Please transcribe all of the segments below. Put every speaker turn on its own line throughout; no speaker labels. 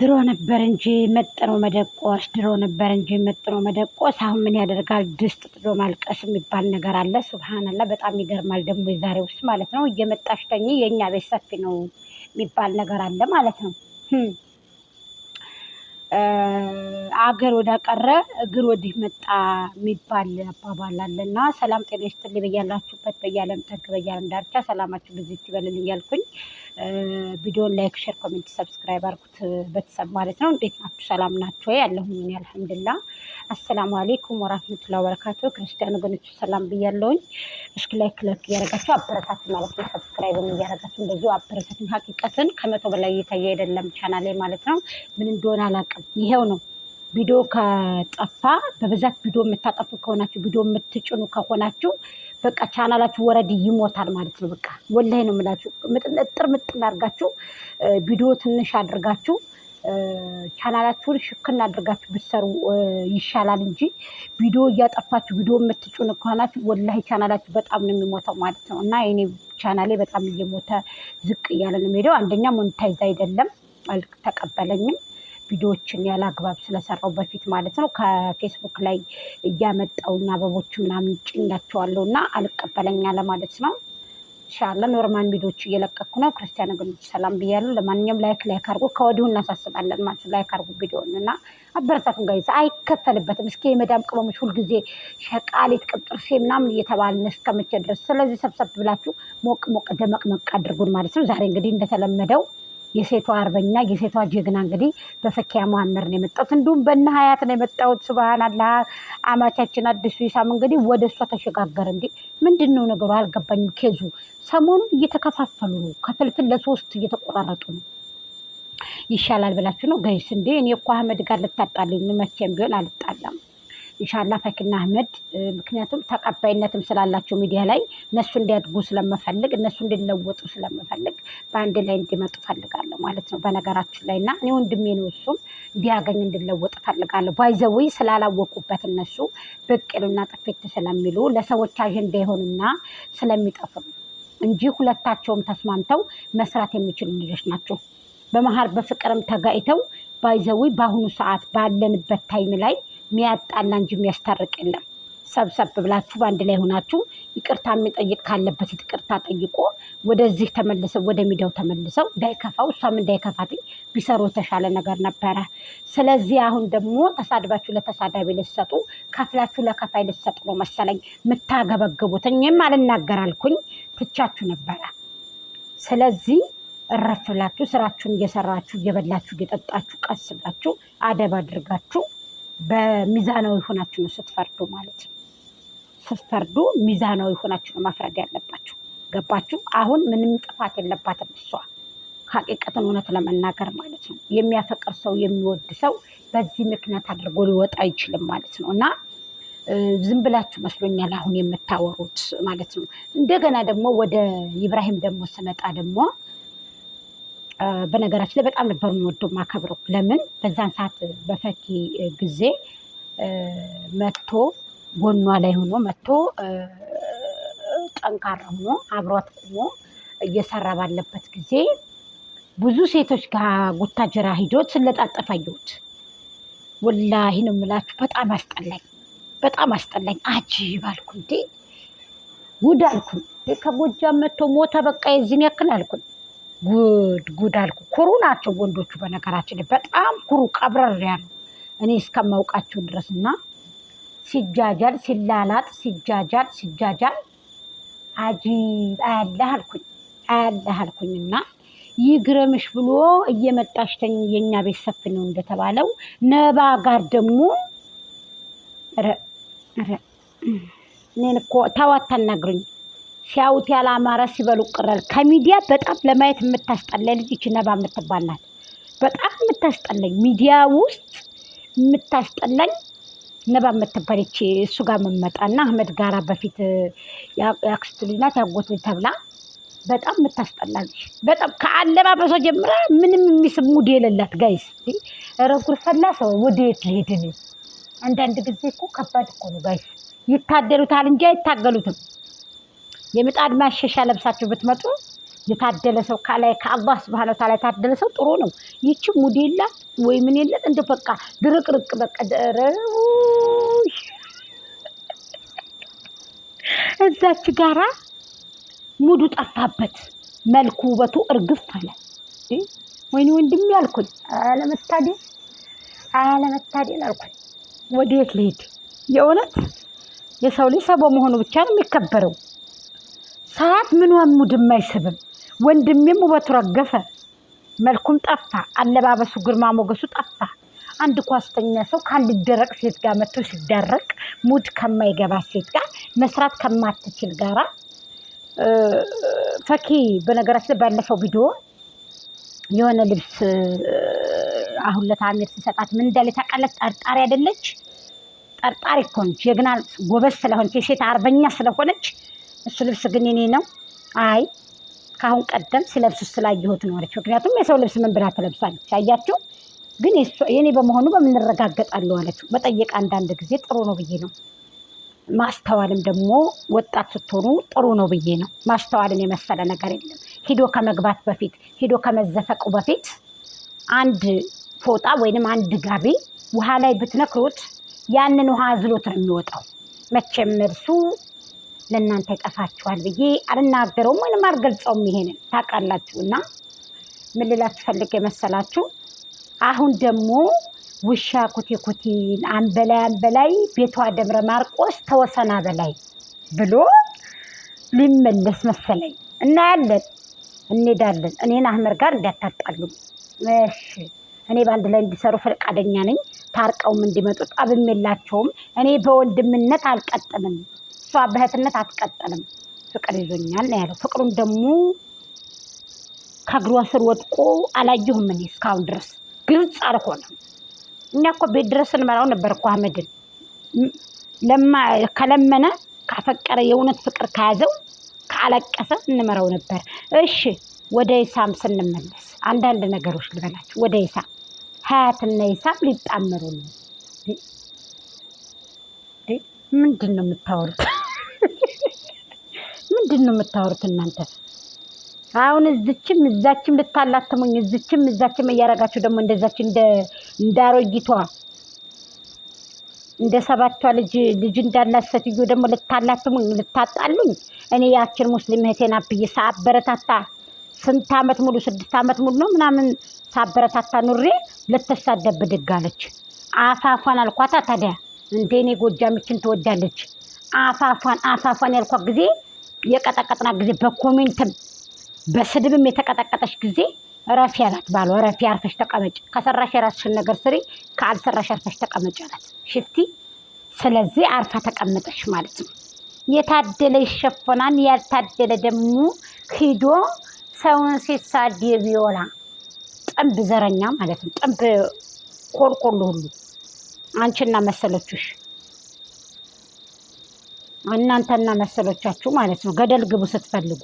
ድሮ ነበር እንጂ መጥኖ መደቆስ፣ ድሮ ነበር እንጂ መጥኖ መደቆስ። አሁን ምን ያደርጋል ድስት ጥሎ ማልቀስ የሚባል ነገር አለ። ሱብሃነላ በጣም ይገርማል። ደግሞ የዛሬ ውስጥ ማለት ነው እየመጣሽ ተኝ የእኛ ቤት ሰፊ ነው የሚባል ነገር አለ ማለት ነው። አገር ወደ ቀረ እግር ወዲህ መጣ የሚባል አባባል አለና፣ ሰላም ጤና ይስጥልኝ በያላችሁበት በያለም ጥግ በያለም ዳርቻ ሰላማችሁ ብዙ ይበልልኝ እያልኩኝ ቪዲዮን ላይክ፣ ሼር፣ ኮሜንት፣ ሰብስክራይብ አርኩት ቤተሰብ ማለት ነው። እንዴት ናችሁ? ሰላም ናችሁ ወይ? ያለሁኝ እኔ አልሐምድሊላህ አሰላሙ አሌይኩም ወራህመቱላ በረካቱ። ክርስቲያን ወገኖቹ ሰላም ብያለውኝ። እስኪ ላይክ ላይክ እያደረጋችሁ አበረታት ማለት ነው። ሰብስክራይብን እያደረጋችሁ እንደዚሁ አበረታትን። ሀቂቀትን ከመቶ በላይ እየታየ አይደለም ቻናሌ ማለት ነው። ምን እንደሆነ አላውቅም። ይሄው ነው ቪዲዮ ከጠፋ በብዛት ቪዲዮ የምታጠፉ ከሆናችሁ ቪዲዮ የምትጭኑ ከሆናችሁ በቃ ቻናላችሁ ወረድ ይሞታል ማለት ነው። በቃ ወላሂ ነው የምላችሁ። ምጥን እጥር ምጥን አድርጋችሁ ቪዲዮ ትንሽ አድርጋችሁ ቻናላችሁን ሽክና አድርጋችሁ ብትሰሩ ይሻላል እንጂ ቪዲዮ እያጠፋችሁ ቪዲዮ የምትጩን ከሆናችሁ ወላሂ ቻናላችሁ በጣም ነው የሚሞተው ማለት ነው። እና የኔ ቻናሌ በጣም እየሞተ ዝቅ እያለ ነው የሚሄደው። አንደኛ ሞኒታይዝ አይደለም አልተቀበለኝም ቪዲዮዎችን ያለ አግባብ ስለሰራው በፊት ማለት ነው። ከፌስቡክ ላይ እያመጣው አበቦች ምናምን ጭኛቸዋለሁ እና አልቀበለኝ አለ ማለት ነው። ኢንሻአላህ ኖርማል ቪዲዮዎች እየለቀኩ ነው። ክርስቲያን ወገኖች ሰላም ብያለሁ። ለማንኛውም ላይክ ላይክ አድርጎ ከወዲሁ እናሳስባለን ማለት ነው። ላይክ አድርጎ ቪዲዮውን እና አበረታቱን ጋይዝ። አይከፈልበትም። እስኪ የመዳም ቅመሞች ሁልጊዜ ሸቃሊት ቅብጥርሴ ምናምን እየተባልን እስከመቼ ድረስ? ስለዚህ ሰብሰብ ብላችሁ ሞቅ ሞቅ ደመቅ መቅ አድርጉን ማለት ነው። ዛሬ እንግዲህ እንደተለመደው የሴቷ አርበኛ የሴቷ ጀግና እንግዲህ በፈኪያ መሀመር ነው የመጣሁት። እንዲሁም በእነ ሀያት ነው የመጣሁት። ስብሃናላ አማቻችን አዲሱ ይሳም እንግዲህ ወደ እሷ ተሸጋገረ። እንዲ ምንድን ነው ነገሩ? አልገባኝም። ኬዙ ሰሞኑን እየተከፋፈሉ ነው፣ ከፍልፍል ለሶስት እየተቆራረጡ ነው። ይሻላል ብላችሁ ነው ገይስ? እንዴ እኔ እኮ አህመድ ጋር ልታጣልኝ መቼም ቢሆን አልጣላም። ኢንሻላ ፈኪና አህመድ ምክንያቱም ተቀባይነትም ስላላቸው ሚዲያ ላይ እነሱ እንዲያድጉ ስለምፈልግ እነሱ እንዲለወጡ ስለምፈልግ በአንድ ላይ እንዲመጡ ፈልጋለሁ ማለት ነው። በነገራችን ላይ እና እኔ ወንድሜ ነው፣ እሱም እንዲያገኝ እንድለወጥ ፈልጋለሁ። ባይዘዊ ስላላወቁበት እነሱ ብቅ ይሉና ጥፊት ስለሚሉ ለሰዎች አጀንዳ ይሆኑና ስለሚጠፉ እንጂ ሁለታቸውም ተስማምተው መስራት የሚችሉ ልጆች ናቸው። በመሀል በፍቅርም ተጋይተው ባይዘዊ በአሁኑ ሰዓት ባለንበት ታይም ላይ የሚያጣላ እንጂ የሚያስታርቅ የለም። ሰብሰብ ብላችሁ በአንድ ላይ ሆናችሁ ይቅርታ የሚጠይቅ ካለበት ይቅርታ ጠይቆ ወደዚህ ተመልሰው ወደ ሚዲያው ተመልሰው እንዳይከፋው እሷም እንዳይከፋት ቢሰሩ የተሻለ ነገር ነበረ። ስለዚህ አሁን ደግሞ ተሳድባችሁ ለተሳዳቢ ልትሰጡ ከፍላችሁ ለከፋይ ልትሰጡ ነው መሰለኝ የምታገበግቡት። እኔም አልናገር አልኩኝ ትቻችሁ ነበረ። ስለዚህ እረፍላችሁ ስራችሁን እየሰራችሁ እየበላችሁ እየጠጣችሁ ቀስ ብላችሁ አደብ አድርጋችሁ በሚዛናዊ ሆናችሁ ነው ስትፈርዱ ማለት ነው። ስትፈርዱ ሚዛናዊ ሆናችሁ ነው መፍረድ ያለባችሁ። ገባችሁ? አሁን ምንም ጥፋት የለባትም እሷ ሀቂቀትን እውነት ለመናገር ማለት ነው። የሚያፈቅር ሰው የሚወድ ሰው በዚህ ምክንያት አድርጎ ሊወጣ አይችልም ማለት ነው። እና ዝም ብላችሁ መስሎኛል አሁን የምታወሩት ማለት ነው። እንደገና ደግሞ ወደ ኢብራሂም ደግሞ ስመጣ ደግሞ በነገራችን ላይ በጣም ነበር የምወደው ማከብረው። ለምን በዛን ሰዓት በፈኪ ጊዜ መጥቶ ጎኗ ላይ ሆኖ መጥቶ ጠንካራ ሆኖ አብሯት ቁሞ እየሰራ ባለበት ጊዜ ብዙ ሴቶች ጋር ጉታጀራ ሂዶ ስለጣጠፈ አየሁት። ወላሂ ነው የምላችሁ። በጣም አስጠላኝ፣ በጣም አስጠላኝ። አጂብ አልኩ እንዴ! ጉድ አልኩኝ። ከጎጃም መጥቶ ሞተ። በቃ የዚህን ያክል አልኩን። ጉድ ጉድ አልኩ። ኩሩ ናቸው ወንዶቹ። በነገራችን በጣም ኩሩ ቀብረር ያሉ እኔ እስከማውቃቸው ድረስ እና ሲጃጃል ሲላላጥ ሲጃጃል ሲጃጃል አጂብ አያለህ አልኩኝ አያለህ አልኩኝ እና ይግረምሽ ብሎ እየመጣሽ ተኝ የእኛ ቤት ሰፊ ነው እንደተባለው ነባ ጋር ደግሞ እኔን እኮ ተዋት አናግሩኝ ሲያዩት ያላማረ ሲበሉ ቅረል ከሚዲያ በጣም ለማየት የምታስጠላኝ ልጅ ይቺ ነባ የምትባል ናት። በጣም የምታስጠላኝ ሚዲያ ውስጥ የምታስጠላኝ ነባ የምትባል ይቺ እሱ ጋር የምመጣና አህመድ ጋራ በፊት ያክስት ልጅ ናት ያጎት ልጅ ተብላ በጣም የምታስጠላ ልጅ በጣም ከአለባበሷ ጀምራ ምንም የሚስብ ሙድ የሌላት ጋይስ። ረጉር ፈላ ሰው ወደየት ልሄድ አንዳንድ ጊዜ እኮ ከባድ እኮ ነው ጋይስ። ይታደሉታል እንጂ አይታገሉትም። የምጣድ ማሸሻ ለብሳችሁ ብትመጡ የታደለ ሰው ከላይ ከአላህ ስብሃነ ወተዓላ የታደለ ሰው ጥሩ ነው። ይቺ ሙድ የላት ወይ ምን የለት እንደ በቃ ድርቅርቅ በቃ ደረ እዛች ጋራ ሙዱ ጠፋበት፣ መልኩ ውበቱ እርግፍ አለ። ወይኔ ወንድም ያልኩኝ አለመታደል አለመታደል አልኩኝ። ወዴት ልሄድ? የእውነት የሰው ልጅ ሰው በመሆኑ ብቻ ነው የሚከበረው። ሰዓት ምኗም ሙድም አይስብም። ወንድሜም ውበቱ ረገፈ፣ መልኩም ጠፋ፣ አለባበሱ ግርማ ሞገሱ ጠፋ። አንድ ኳስተኛ ሰው ከአንድ ደረቅ ሴት ጋር መጥቶ ሲደረቅ ሙድ ከማይገባ ሴት ጋር መስራት ከማትችል ጋራ ፈኪ በነገራችን ላይ ባለፈው ቪዲዮ የሆነ ልብስ አሁን ለታሚር ሲሰጣት ምን እንዳለ ታውቃለች? ጠርጣሪ አይደለች፣ ጠርጣሪ እኮ ነች። የግና ጎበዝ ስለሆነች የሴት አርበኛ ስለሆነች እሱ ልብስ ግን የኔ ነው። አይ ከአሁን ቀደም ሲለብሱ ስላየሁት ነው አለች። ምክንያቱም የሰው ልብስ ምን ብላ ትለብሳለች? አያችሁ ግን የኔ በመሆኑ በምንረጋገጣለሁ አለችው። መጠየቅ አንዳንድ ጊዜ ጥሩ ነው ብዬ ነው። ማስተዋልም ደግሞ ወጣት ስትሆኑ ጥሩ ነው ብዬ ነው። ማስተዋልን የመሰለ ነገር የለም። ሂዶ ከመግባት በፊት ሂዶ ከመዘፈቁ በፊት አንድ ፎጣ ወይንም አንድ ጋቢ ውሃ ላይ ብትነክሩት ያንን ውሃ አዝሎት ነው የሚወጣው መቼም እርሱ ለእናንተ ይጠፋችኋል ብዬ አልናገረውም ወይም አልገልጸውም። ይሄንን ታውቃላችሁ። እና ምን ልላችሁ መሰላችሁ አሁን ደግሞ ውሻ ኩቴ ኩቴን አንበላይ አንበላይ ቤቷ ደብረ ማርቆስ ተወሰና በላይ ብሎ ሊመለስ መሰለኝ። እናያለን፣ እንሄዳለን። እኔን አህመር ጋር እንዳታጣሉ እሺ። እኔ በአንድ ላይ እንዲሰሩ ፈቃደኛ ነኝ። ታርቀውም እንዲመጡ ጠብም የላቸውም። እኔ በወንድምነት አልቀጥምም። እሷ በእህትነት አትቀጠልም፣ ፍቅር ይዞኛል ነው ያለው። ፍቅሩን ደግሞ ከእግሯ ስር ወጥቆ አላየሁም እኔ እስካሁን ድረስ ግልጽ አልሆነም። እኛ እኮ ቤት ድረስ እንመራው ነበር እኮ አህመድን ከለመነ ካፈቀረ የእውነት ፍቅር ከያዘው ካለቀሰ እንመራው ነበር። እሺ ወደ ኢሳም ስንመለስ አንዳንድ ነገሮች ልበላችሁ። ወደ ኢሳም ሀያትና ኢሳም ሊጣመሩ ነው። ምንድን ነው የምታወሩት? ምንድን ነው የምታወሩት እናንተ? አሁን እዝችም እዛችም ልታላትሙኝ፣ እዝችም እዛችም እያደረጋችሁ ደግሞ እንደዛች እንደ አሮጊቷ እንደ ሰባቷ ልጅ ልጅ እንዳላት ሴትዮ ደግሞ ልታላትሙኝ፣ ልታጣሉኝ። እኔ ያችን ሙስሊም እህቴን አብዬ ሳበረታታ ስንት አመት ሙሉ ስድስት አመት ሙሉ ነው ምናምን ሳበረታታ ኑሬ ልትሳደብ ብድግ አለች። አፋፏን አልኳታ ታዲያ እንዴ እኔ ጎጃምችን ትወዳለች። አፋፏን አፋፏን ያልኳት ጊዜ የቀጠቀጥና ጊዜ በኮሜንትም በስድብም የተቀጠቀጠሽ ጊዜ ረፊ አላት ባሏ። ረፊ አርፈሽ ተቀመጭ፣ ከሰራሽ የራስሽን ነገር ስሪ፣ ካልሰራሽ አርፈሽ ተቀመጭ አላት። ሽፍቲ ስለዚህ አርፋ ተቀመጠሽ ማለት ነው። የታደለ ይሸፈናል፣ ያልታደለ ደግሞ ሂዶ ሰውን ሲሳደብ ቢዮላ ጥንብ ዘረኛ ማለት ነው። ጥንብ ኮልኮል ሁሉ አንቺና መሰለችሽ እናንተና መሰሎቻችሁ ማለት ነው። ገደል ግቡ ስትፈልጉ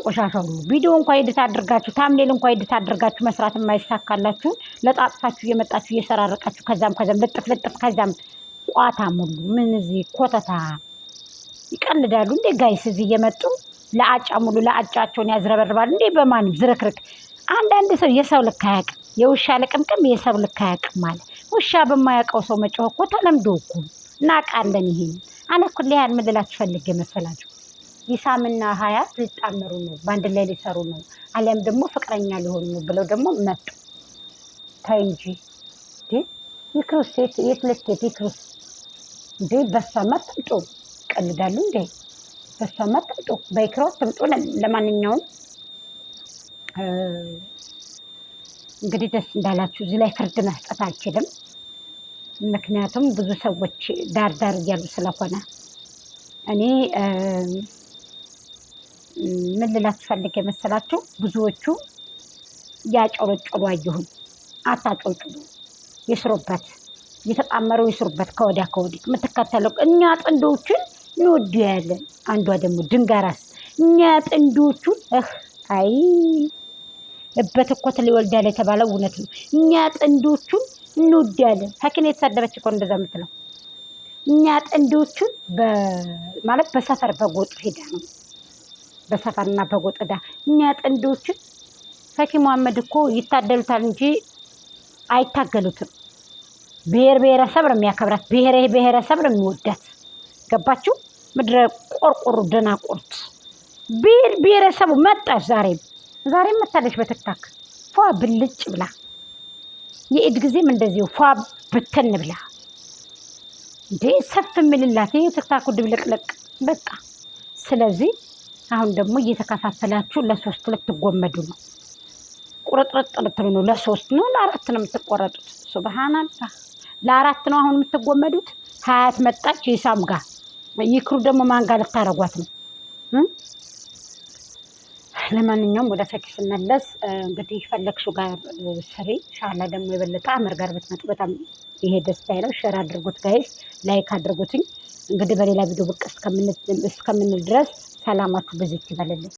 ቆሻሻ ሁሉ ቪዲዮ እንኳ ኤዲት አድርጋችሁ ታምሌል እንኳ ኤዲት አድርጋችሁ መስራት የማይሳካላችሁ ለጣጥፋችሁ እየመጣችሁ እየሰራረቃችሁ ከዛም ከዛም ልጥፍ ልጥፍ ከዛም ቋታ ሙሉ ምን እዚህ ኮተታ ይቀልዳሉ እንዴ ጋይስ? እዚህ እየመጡ ለአጫ ሙሉ ለአጫቸውን ያዝረበርባሉ እንዴ በማንም ዝርክርክ። አንዳንድ ሰው የሰው ልክ አያውቅም። የውሻ ልቅምቅም የሰው ልክ አያውቅም ማለት ውሻ በማያውቀው ሰው መጮህ እኮ ተለምዶ እኮ እናውቃለን ይሄን አነ ያህል ምን ልላችሁ ፈልጌ መሰላችሁ ይሳምና ሀያት ሊጣመሩ ነው፣ በአንድ ላይ ሊሰሩ ነው፣ አሊያም ደግሞ ፍቅረኛ ሊሆኑ ነው ብለው ደግሞ መጡ። ተይ እንጂ ይክሩስ፣ የት ልትሄድ ይክሩስ? እንዴ በሷማ አትምጡ፣ ቀልዳሉ እንዴ? በሷማ አትምጡ፣ በይክሮ አትምጡ። ለማንኛውም እንግዲህ ደስ እንዳላችሁ። እዚህ ላይ ፍርድ መስጠት አልችልም። ምክንያቱም ብዙ ሰዎች ዳር ዳር እያሉ ስለሆነ እኔ ምን ልላችሁ ፈልጌ የመሰላችሁ ብዙዎቹ ያጨረጨሩ አየሁኝ። አታጨርጭሩ፣ ይስሩበት፣ የተጣመረው ይስሩበት። ከወዲያ ከወዲህ የምትከተለው እኛ ጥንዶችን ያለን አንዷ ደግሞ ድንጋራስ እኛ ጥንዶቹን እህ አይ እበት እኮ ትል ይወልዳል የተባለው እውነት ነው። እኛ ጥንዶቹን እንወዳለን። ፈኪን የተሳደበች እኮ እንደዛ የምትለው እኛ ጥንዶቹን ማለት በሰፈር በጎጥ ሄዳ ነው በሰፈርና በጎጥ ሄዳ እኛ ጥንዶቹን ፈኪ መሐመድ እኮ ይታደሉታል እንጂ አይታገሉትም። ብሔር ብሔረሰብ ነው የሚያከብራት፣ ብሔረ ብሔረሰብ ነው የሚወዳት። ገባችሁ? ምድረ ቆርቆሮ ደናቆርት ብሔር ብሔረሰቡ መጣች። ዛሬም ዛሬም መታለች በትክታክ ፏ ብልጭ ብላ የኢድ ጊዜም እንደዚሁ ፏ ብትን ብላ እንዴ ሰፍ የምልላት ይህ ትክታኩ ድብልቅልቅ በቃ። ስለዚህ አሁን ደግሞ እየተከፋፈላችሁ ለሶስት ልትጎመዱ ነው። ቁርጥርጥ ልትሉ ነው። ለሶስት ነው ለአራት ነው የምትቆረጡት። ሱብሃናላህ ለአራት ነው አሁን የምትጎመዱት። ሀያት መጣች ሂሳም ጋር ይክሩ ደግሞ ማንጋ ልታረጓት ነው? ለማንኛውም ወደ ፈኪ ስመለስ እንግዲህ ፈለግሹ ጋር ስሪ ሻላ ደግሞ የበለጠ አመር ጋር ብትመጡ በጣም ይሄ ደስታ ነው። ሼር አድርጉት ጋይስ፣ ላይክ አድርጉትኝ። እንግዲህ በሌላ ቪዲዮ ብቅ እስከምንል ድረስ ሰላማችሁ ብዙ ይበልልን።